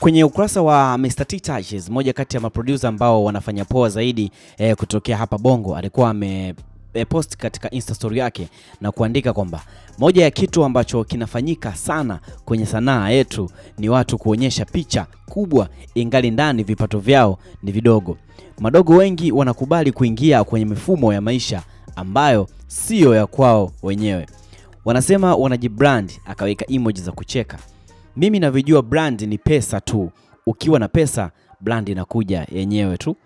Kwenye ukurasa wa Mr. T Touches, moja kati ya maproducer ambao wanafanya poa zaidi eh, kutokea hapa Bongo, alikuwa ame E, post katika Insta story yake na kuandika kwamba moja ya kitu ambacho kinafanyika sana kwenye sanaa yetu ni watu kuonyesha picha kubwa ingali ndani vipato vyao ni vidogo. Madogo wengi wanakubali kuingia kwenye mifumo ya maisha ambayo siyo ya kwao wenyewe. Wanasema wanajibrand, akaweka emoji za kucheka mimi navyojua brand ni pesa tu. Ukiwa na pesa brand inakuja yenyewe tu.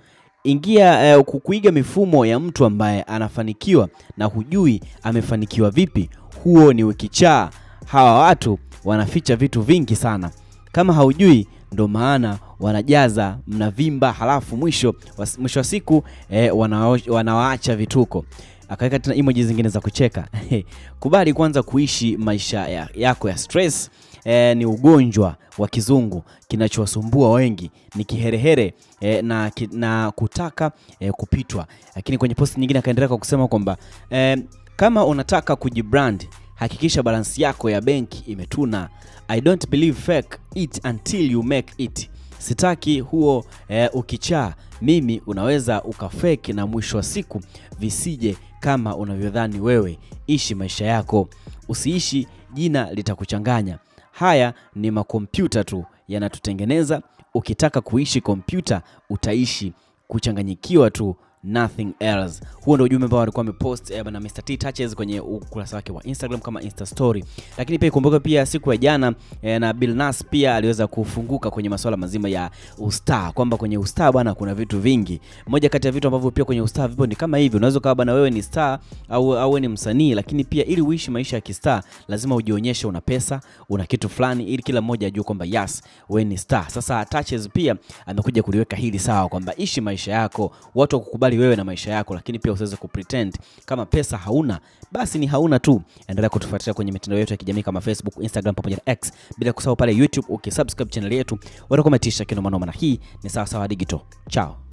Ingia uh, eh, kukuiga mifumo ya mtu ambaye anafanikiwa na hujui amefanikiwa vipi, huo ni ukichaa. Hawa watu wanaficha vitu vingi sana, kama haujui ndo maana wanajaza mnavimba, halafu mwisho was, mwisho wa siku eh, wana, wanawaacha vituko. Akaweka tena emoji zingine za kucheka. Kubali kwanza kuishi maisha ya, yako ya stress e, ni ugonjwa wa kizungu kinachowasumbua wengi ni kiherehere e, na, na kutaka e, kupitwa. Lakini kwenye posti nyingine akaendelea kwa kusema kwamba e, kama unataka kujibrand hakikisha balansi yako ya benki imetuna. I don't believe fake it until you make it. Sitaki huo e, ukichaa mimi unaweza ukafeki na mwisho wa siku visije kama unavyodhani wewe. Ishi maisha yako, usiishi jina litakuchanganya. Haya ni makompyuta tu yanatutengeneza. Ukitaka kuishi kompyuta, utaishi kuchanganyikiwa tu nothing else. Huo ndio ujumbe ambao alikuwa amepost eh, na Mr T Touches kwenye ukurasa wake wa Instagram kama Insta story. Lakini pia ikumbuke pia siku ya jana eh, na Bill Nas pia aliweza kufunguka kwenye masuala mazima ya ustaa, kwamba kwenye ustaa bwana kuna vitu vingi. Moja kati ya vitu ambavyo pia kwenye ustaa vipo ni kama hivi, unaweza kuwa bwana wewe ni star au au ni msanii, lakini pia ili uishi maisha ya kistaa lazima ujionyeshe una pesa, una kitu fulani, ili kila mmoja ajue kwamba yes wewe ni star. Sasa Touches pia amekuja kuliweka hili sawa, kwamba ishi maisha yako, watu wakukubali kujali wewe na maisha yako, lakini pia usiweze kupretend kama pesa hauna basi ni hauna tu. Endelea kutufuatilia kwenye mitandao yetu ya kijamii kama Facebook, Instagram pamoja na X, bila kusahau pale YouTube. Ukisubscribe okay, channel yetu watakometisha kinomanoma, na hii ni Sawasawa Digital. Chao.